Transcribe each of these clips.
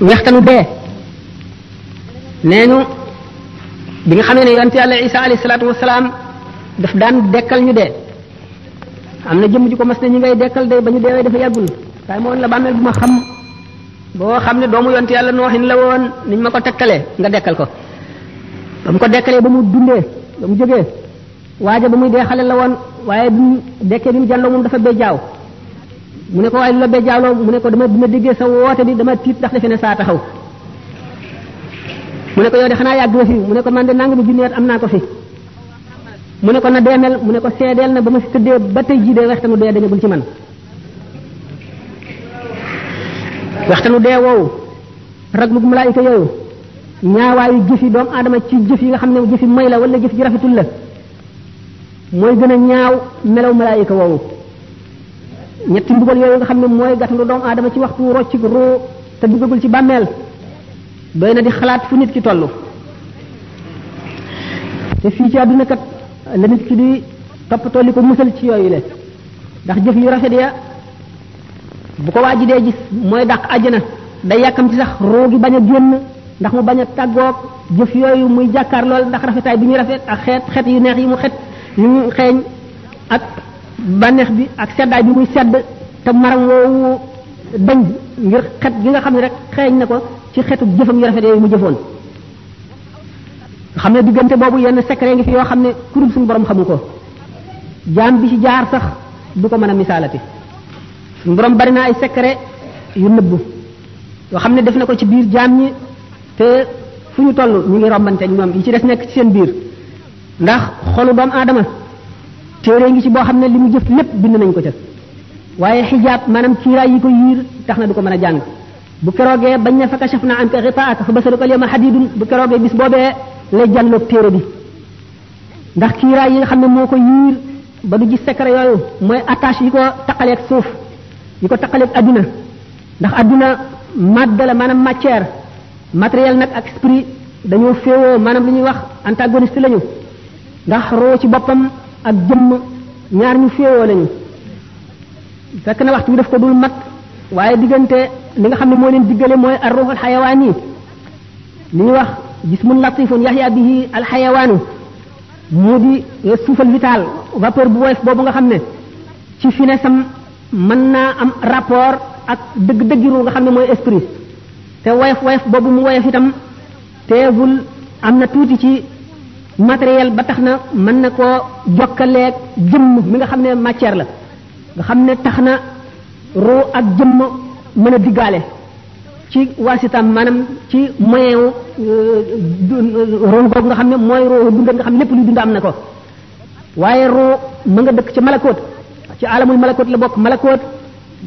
wextanu dee nee ñu bi nga xamee ne yonent yàlla isa alayhi salaatu wasalaam daf daan dekkal ñu de am na jëm ju ko mas ne ñu ngay dekkal day ba ñu deewee dafa yàggul waaye moo woon la bàmmeel bu ma xam boo xam ne doomu yonent yàlla nooxin la woon ni ma ko tekkalee nga dekkal ko ba mu ko dekkalee ba mu dundee ba mu jógee waaja ba muy dee xale la woon waaye bu mu dekkee bi mu jàlloo moom dafa bee jaaw mu ne ko waaye lobbe jaaloo mu ne ko dama bu ma déggee sa woote bi dama tiit ndax defe ne saa taxaw mu ne ko yow de xanaa yàgg fi mu ne ko man de nangami junni at am naa ko fi mu ne ko na deemel mu ne ko seedeel na ba ma fi tëddee ba tey jii de waxtanu dee dañagul ci man waxtanu dee woowu raglug malaayika yooyu ñaawaayu jëf yi doomu adama ci jëf yi nga xam ne jëf yi may la wala jëf ji rafetul la mooy gën a ñaaw melaw malaayika woowu ñetti mbugal yoy nga xamne moy gatt lu doom aadama ci waxtu rocc ci roo te duggagul ci bammel doyna di xalaat fu nit ki tollu te fi ci aduna kat la nit ki di top tolli ko musal ci yooyu le ndax jëf yu rafet ya bu ko waji de gis moy dak aljana day yakam ci sax roo gi baña genn ndax mu baña tagok tàggoog jëf yooyu muy jakar lol ndax rafetay bi ñu rafet ak xet xet yu neex yu mu xet yu xeyñ ak bànneex bi ak seddaay bi muy sedd te maram woowu dañ ngir xet gi nga xam ne rek xeeñ na ko ci xetu jëfam yu rafet yooyu mu jëfoon xam ne diggante boobu yenn secret ngi fi yoo xam ne kurub suñu borom xamu ko jaam bi ci jaar sax du ko mën a misaalati suñu borom bari naa ay secret yu nëbbu yoo xam ne def na ko ci biir jaam ñi te fu ñu toll ñu ngi rombante ñoom yi ci des nekk ci seen biir ndax xolu doomu aadama téré ngi ci bo xamné limu jëf lepp bind nañ ko ca waaye xijaab maanaam kiiraay yi ko yir taxna duko mëna jang bu keroogee bañ na fa kashafna an ka xitaaka fa basaru al yama hadidun bu keroogee bis bobé la jallo téré bi ndax kiiraay yi nga xamné moko yir ba du gis secret yoyu moy attache yi ko ak suuf yi ko ak aduna ndax aduna madda la manam matière matériel nak ak esprit dañu féwo manam li wax antagoniste lañu ndax ro ci bopam ak jëmm ñaar ñu féewoo lañu fekk na waxtu bi daf ko dul mat waaye diggante li nga xam ne moo leen diggale mooy ar ruuxul xayawaan yi li ñuy wax jismun latifun yaxya bihi al xayawaanu moo di suufal vital vapeur bu woyof boobu nga xam ne ci finesam mën naa am rapport ak dëgg-dëggi ruu nga xam ne mooy esprit te woyof woyof boobu mu woyof itam teewul am na tuuti ci matériel ba tax na mën na koo jokkaleeg jëmm mi nga xam ne matière la nga xam ne tax na ruu ak jëmm mën a diggaale ci waasitaam maanaam ci moyen wu euh, ruu googu nga xam ne mooy ruu dundal nga lépp luy dund am na ko waaye ma nga dëkk ci malakoot ci alamul malakoot la bokk malakoot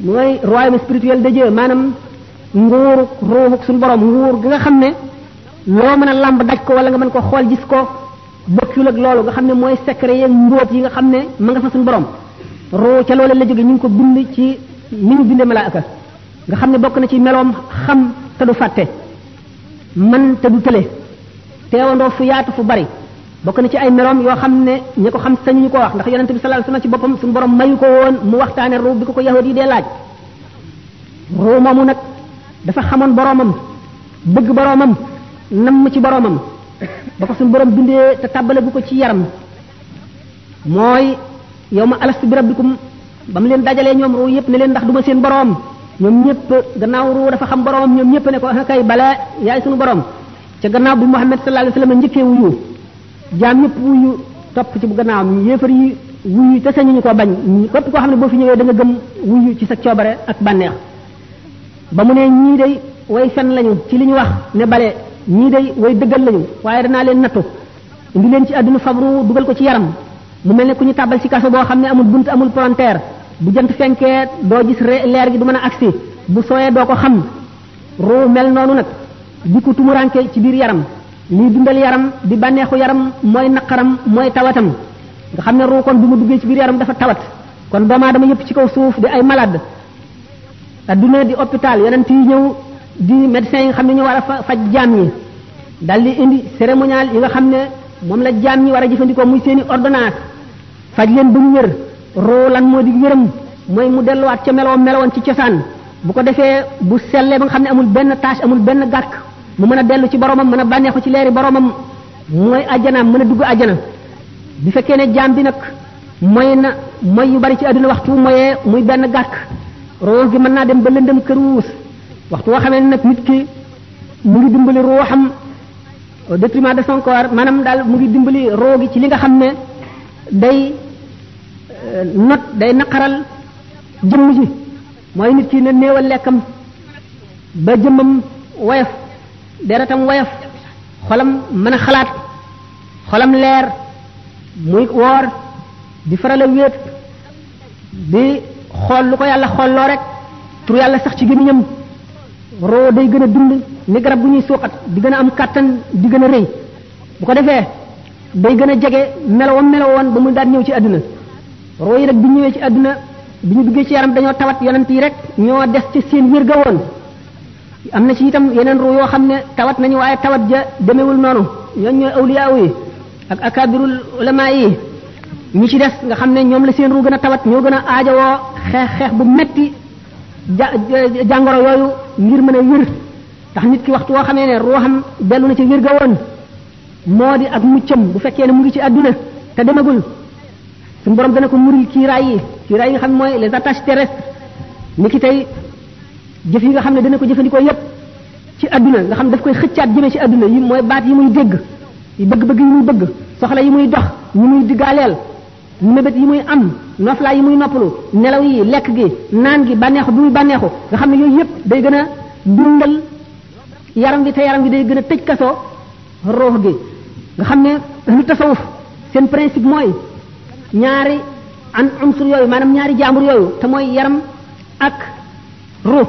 mooy royaume spirituel maanaam nguuru suñu borom nguur gi nga xam ne loo mën a làmb daj ko wala nga mën ko xool gis ko bokkul ak loolu nga xam ne mooy secret yeeg mbóot yi nga xam ne ma nga fa suñu borom roo ca loola la jóge ñu ngi ko bind ci ni ñu bindee malaaka nga xam ne bokk na ci meloom xam te du fàtte man te du tële teewandoo fu yaat fu bari bokk na ci ay meloom yoo xam ne ñi ko xam sañu ñu ko wax ndax yonente bi sallallahu alayhi wasallam ci boppam suñu borom mayu ko woon mu waxtaane ruu bi ko ko yahud yi dee laaj ruu moomu nag dafa xamoon boromam bëgg boromam namm ci boromam ba ko suñu borom bindee te tàbbale bu ko ci yaram mooy yow ma alastu bi rabbikum ba mu leen dajalee ñoom ruu yëpp ne leen ndax duma seen borom ñoom ñëpp gannaaw ruu dafa xam boromam ñoom ñëpp ne ko ah, kay bala yaay suñu borom ca gannaaw bu Muhammad sallallahu alayhi wasallam njëkkee wuyu jaam ñëpp wuyu topp ci bu gannaawam yéefar yi wuyu te ñu ko bañ képp koo xam ne boo fi ñëwee da nga gëm wuyu ci sa coobare ak bànneex ba mu ne ñii day way fen li ñu wax ne bale ñii day way dëggal lañu waaye danaa leen nattu indi leen ci àdduna fabru dugal ko ci yaram mu mel ne ku ñu tàbbal ci kaso boo xam ne amul bunt amul palanteer bu jant fenkee doo gis leer gi du mën a agsi bu sooyee doo ko xam ruu mel noonu nag di ko tumuranke ci biir yaram liy dundal yaram di bànneexu yaram mooy naqaram mooy tawatam nga xam ne ruu kon bu mu duggee ci biir yaram dafa tawat kon doomu aadama yëpp ci kaw suuf di ay malade adduna di hôpital yonent yi ñëw di médecins yi nga xam ne ñu war a faj jaam ñi dal di indi cérémonial yi nga xam ne moom la jaam ñi war a jëfandikoo muy seeni i ordonnance faj leen ba mu roo lan moo di yërëm mooy mu delluwaat ci meloo melowoon ci cosaan bu ko defee bu sellee ba nga xam ne amul benn tâche amul benn gàkk mu mën a dellu ci boromam mën a bànneexu ci leeri boromam mooy ajjanaam mën a dugg ajjana bi fekkee ne jaam bi nag mooy na mooy yu bari ci àdduna waxtu moyee muy benn gàkk gi mën naa dem ba lëndëm kër wuus waxtu woo xamee nag nit ki mu ngi dimbali ruuxam détriment de son corps maanaam daal mu ngi dimbali roo gi ci li nga xam ne day euh, not day naqaral jëmm ji mooy nit ki ne néewal lekkam ba jëmmam woyof deretam woyof xolam mën a xalaat xolam leer muy woor di faral a wéet di xool lu ko yàlla xool rek tur yàlla sax ci gémmiñam roo day gën a dund ni garab bu ñuy suuxat di gën a am kàttan di gën a rëy bu ko defee day gën a jege melowam melowoon ba mu daan ñëw ci àdduna roo yi rek bi ñëwee ci àdduna bi ñu duggee ci yaram dañoo tawat yonent yi rek ñoo des ci seen wér ga am na ci itam yeneen roo yoo xam ne tawat ñu waaye tawat ja demewul noonu ñooñ ñooy awliyaaw yi ak akabirul ulama yi ñi ci des nga xam ne ñoom la seen ruu gën a tawat ñoo gën a aajowoo xeex xeex bu metti ja jàngoro yooyu ngir mën a wér ndax nit ki waxtu woo xamee ne ruuxam dellu na ci wér ga woon moo di ak muccam bu fekkee ne mu ngi ci àdduna te demagul suñu borom dana ko muril kiiraay yi kiiraay yi nga xam ne mooy les attaches terrestres ni ki tey jëf yi nga xam ne dana ko jëfandikoo yépp ci àdduna nga xam daf koy xëccaat jëmee ci àdduna yi mooy baat yi muy dégg bëgg-bëgg yi muy bëgg soxla yi muy dox ñi muy diggaaleel mébét yi muy am noflaay yi muy noppalu nelaw yi lekk gi naan gi bànneexu bi muy bànneexu nga xam ne yooyu yëpp day gën a dundal yaram wi te yaram gi day gën a tëj kaso ruux gi nga xam ne lu tasawuf seen mooy ñaari an unsur yooyu ñaari jaambur yooyu te mooy yaram ak ruux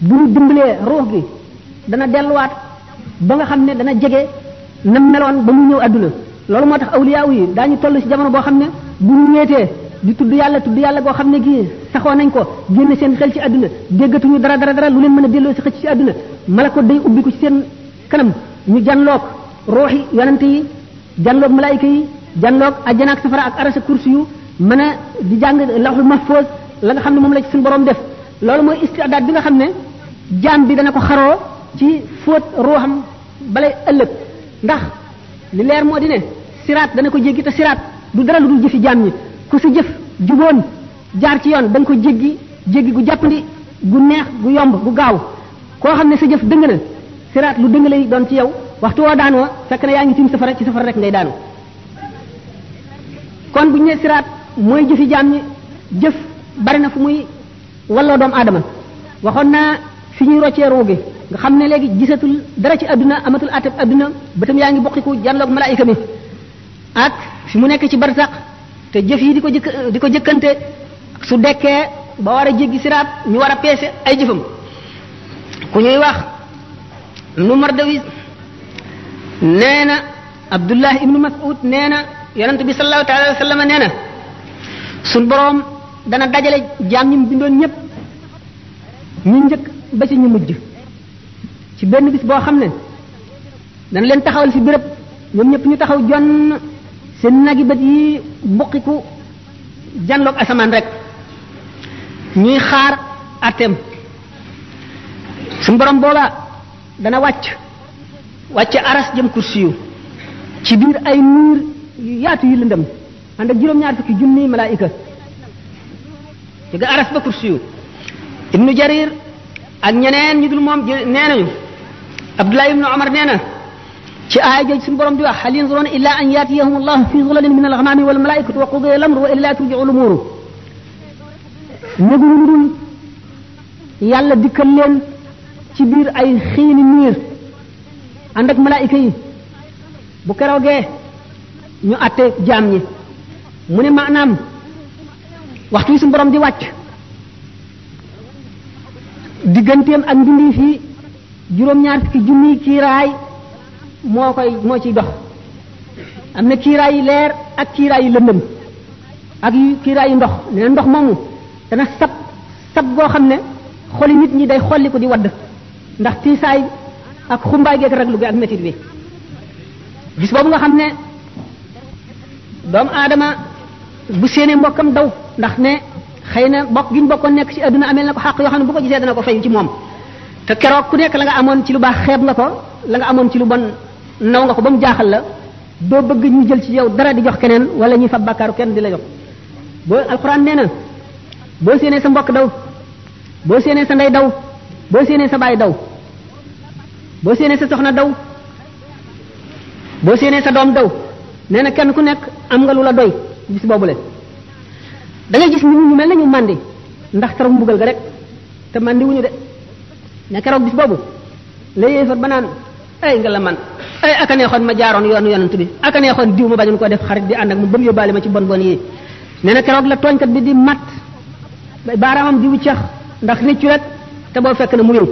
bu ñu dimbalee ruux gi dana delluwaat ba nga xam ne dana jege nam meloon ba mu ñëw àdduna loolu moo tax awliyaa yi daa ñu toll si jamono boo xam ne bu ñu ñeetee di tudd yàlla tudd yàlla goo xam ne gii saxoo nañ ko génne seen xel ci àdduna déggatuñu dara dara dara lu leen mën a delloo si xëcc ci àdduna malako day ubbi ko ci seen kanam ñu janloog ruuxi yonante yi janloog malaayika yi janloog ajjana ak safara ak arasa kursi yu mën a di jàng lawxul mahfoos la nga xam ne moom la ci suñu borom def loolu mooy istiadaat bi nga xam ne jaam bi dana ko xaroo ci fóot ruuxam balay ëllëg ndax li leer moo di ne siraat dana ko jéggi siraat du dara lu dul jëfi jaam ñi ku si jëf juboon jaar ci yoon da ko jéggi jéggi gu jàppandi gu neex gu yomb gu gaaw koo xam ne sa jëf dëng na siraat lu dëng lay doon ci yow waxtu woo daanoo fekk na yaa ngi tiim safara ci safara rek ngay daanu kon bu ñu nee siraat mooy jëfi jaam ñi jëf bari na fu muy walloo doomu aadama waxoon naa fi ñuy roccee ruugi nga xam ne léegi gisatul dara ci àdduna amatul atab adduna bëtam tam yaa ngi bokkiku janloog malaayika mi ak fi mu nekk ci barsax te jëf yi di jëk diko di su dekkee ba wara jëgi sirat ñu wara pécé ay jëfëm ku ñuy wax nu mardawi abdullah ibnu mas'ud neena yaronte bi sallallahu taala wa sallam neena sun borom dana dajale jam ñi mu bindoon ñëpp ñu njëkk ba ci ñu mujj ci benn bis boo xam ne leen taxawal béréb ñoom ñëpp ñu taxaw jonn sen nagi bët yi mbokiku janloog asaman rek ñuy xaar atem sun borom bola dana wacc wacc aras jëm kursiyu ci bir ay nuur yaatu yi lendem and ak juróom-ñaar fukki junni ci ga aras ba kursiyu ibnu jarir ak ñeneen ñu dul mom nee abdullah ibnu ci aaya joj sun borom di wax hal yanzuruna illa an yatiyahum allah fi zulalin min al-ghamami wal malaikatu wa qudiya al-amr wa ila turji'u al-umur neguñu lu dul yàlla dikkal leen ci biir ay xiini miir ànd ak malaayika yi bu keroogee ñu atte jaam ñi mu ne maanaam waxtu yi suñu borom di wàcc digganteem ak mbindi fi juróom-ñaar fukki junni ci raay moo koy moo ciy dox am na kiiraay yi leer ak kiiraay yi lëndëm ak yu kiiraay yu ndox nee ndox moomu na sab sab boo xam ne xoli nit ñi day xolli ko di wadd ndax tiisaay ak xumbaay rek lu gi ak métit bi gis boobu nga xam ne doomu aadama bu séenee mbokkam daw ndax ne xëy na bokk gi ñu ci àdduna amel na ko xàq yoo xam ne bu ko gisee dana ko fayu ci moom te keroog ku nekk la nga amoon ci lu baax xeeb nga ko la nga amoon ci lu bon naw nga ko ba mu jaaxal la doo bëgg ñu jël ci yow dara di jox keneen wala ñuy fa bàkkaaru kenn di la jox boo alxuraan nee na boo séenee sa mbokk daw boo séenee sa ndey daw boo séenee sa baay daw boo séenee sa soxna daw boo séenee sa doom daw nee na kenn ku nekk am nga lu la doy bis boobule da ngay gis nit ñu mel ndax keroog mbugal ga rek te màndi wuñu de ne keroog bis boobu la yéefar ba naan ay nga la man ay eh, aka ma jaaroon yoon yonent bi aka neexoon diw ma bañoon koo def xarit di ànd ak mu ba mu yóbbaale ma ci bon bon yi nee keroog la tooñkat bi di mat baaraamam diwu cax ndax réccu rek te boo fekk na mu yëngu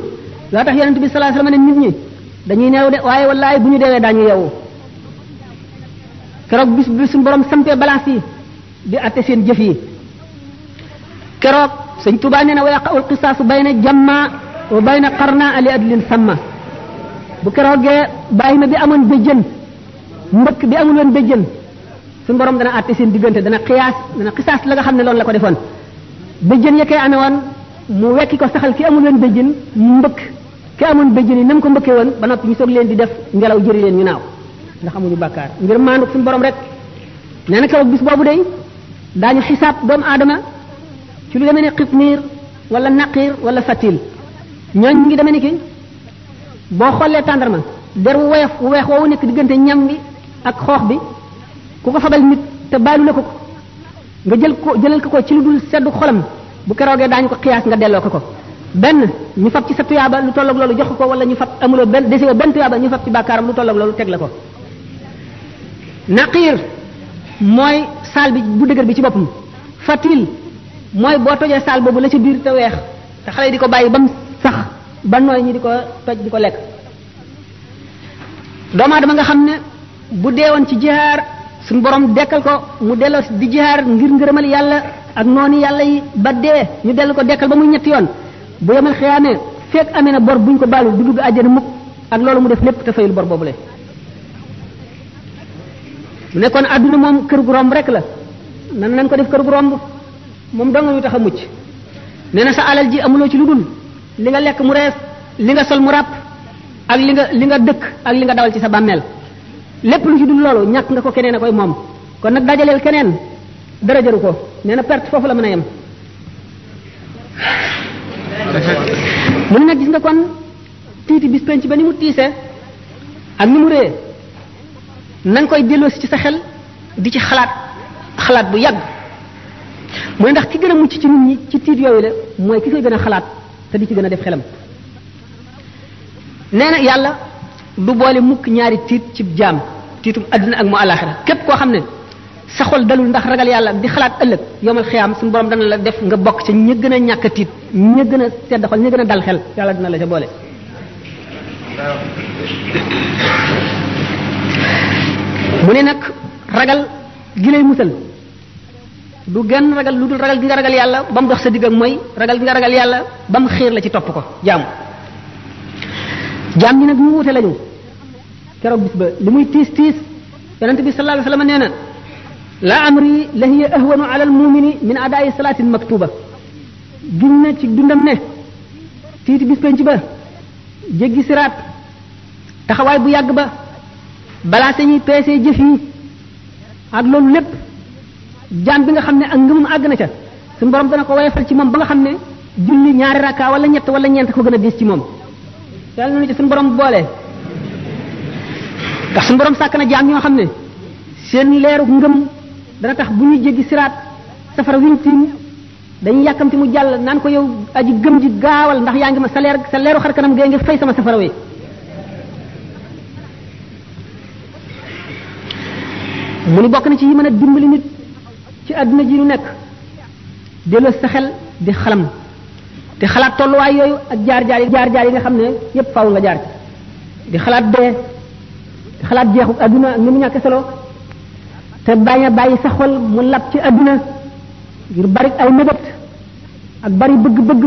loo tax yonent bi sallallahu alayhi wasallam ne ñi dañuy neew de waaye wallaay bu ñu deewee daañu yeewu keroog bis bi suñu borom sampee balance yi di atte seen jëf yi keroog sëñ Tuubaa nee na wa yaqa'ul qisaasu bayna jamma wa bayna qarna ali adlin samma bu keroogee bàyyi ma bi amoon béjjën mbëkk bi amul woon bëjjën suñu borom dana àtte seen diggante dana xiyaas dana xisaas la nga xam ne loolu la ko defoon béjjën ya koy amee woon mu wekki ko saxal ki amul woon béjjën mbëkk ki amoon béjjën yi na mu ko mbëkkee woon ba noppi ñu soog leen di def ngelaw jëri leen ñu naaw ndax amuñu bàkkaar ngir maandu suñu borom rek nee na keroog bis boobu day daañu xisaab doomu aadama ci lu demee ne xitmiir wala naqiir wala fatil ñooñu ngi demee ni ki boo xoolee tàndarma der wu weex wu weex woowu nekk diggante ñam wi ak xoox bi ku ko fabal nit te baalu la ko ko nga jël ko jëlal ko ko ci lu dul seddu xolam bu keroogee daañu ko xiyaas nga delloo ko ko benn ñu fab ci sa tuyaaba lu tolloog loolu jox ko wala ñu fab amuloo benn desewoo benn tuyaaba ñu fab ci bàkkaaram lu tolloog loolu teg la ko naqiir mooy saal bi bu dëgër bi ci boppam fatil mooy boo tojee saal boobu la ci biir te weex te xale yi di ko bàyyi ba mu ba noy ñi diko toj diko lek lekk doomu adama nga xamne bu deewon ci jihar sun borom dekkal ko mu delo di jihar ngir ngeureumal yalla ak noni yalla yi ba de ñu del ko dekkal ba muy ñetti yoon bu yamal xiyaamee fek amena bor buñ ko balu du dugg aljana mukk ak lolu mu def lepp te fayul bor boobule mu nekkon aduna mom keur gu romb rek la nan nañ ko def keur gu romb mom dong yu tax mucc sa alal ji amulo ci ludul dul li nga lek mu res li nga sol mu rap ak li nga li nga mel. ak li nga dawal ci sa bammel lepp lu ci dul lolu ñak nga ko keneen akoy mom kon nak dajaleel keneen dara jaru ko neena perte fofu la mëna yam mu nak gis nga kon titi bis penc ba ni mu tisse ak ni mu re nang koy delo ci sa xel di ci xalaat xalaat bu yag mu ndax ki gëna a mucc ci nit ñi ci tiit yoyu la moy ki koy gëna xalaat te di ci gën a def xelam nee na yàlla du boole mukk ñaari tiit ci jaam tiitum àdduna ak mu àllaaxira képp koo xam ne sa xol dalul ndax ragal yàlla di xalaat ëllëg yomal xiyaam suñu borom dana la def nga bokk ca ña gën a ñàkk tiit ña gën a sedd xol ña gën dal xel yàlla dina la ca boole mu ne nag ragal gi lay musal lu genn ragal lu dul ragal gi nga ragal yàlla ba mu dox sa digg ak mooy ragal gi nga ragal yàlla ba mu xiir la ci topp ko jaamu jaam ñi nag ñu wute lañu keroog bis ba li muy tiis tiis yonente bi sallallahu la hiya ahwanu ala al mumini min adaayi salaatin maktuba giñ na ci dundam ne tiiti bis penc ba jéggi siraat taxawaay bu yàgg ba balaa sañuy peesee jëf yi ak loolu lépp jam bi nga xamne ak ngeum ag na ca sun borom dana ko wayfal ci mom ba nga xamne julli ñaari raka wala ñett wala ñent ko gëna a ci mom dal ñu ci sun borom boole ndax sun borom sàkk na jaam ñoo xamne seen leeru ngeum dana tax bu ñu jéggi sirat safar wiñ tim dañuy yakamti mu jall nan ko yow aji gëm ji gaawal ndax yaangi ma sa leer sa leeru xar kanam ngay fay sama safara way mu ni bok na ci yi meuna dimbali nit ci àdduna ji ñu nekk delloo sa xel di xalam te xalaat tolluwaay yooyu ak jaar-jaar yi jaar-jaar yi nga xam ne yépp faaw nga jaar ci di xalaat dee di xalaat jeexu àdduna ak mu ñàkk solo te bañ a bàyyi sa xol mu lab ci àdduna ngir bari ay ak bari bëgg-bëgg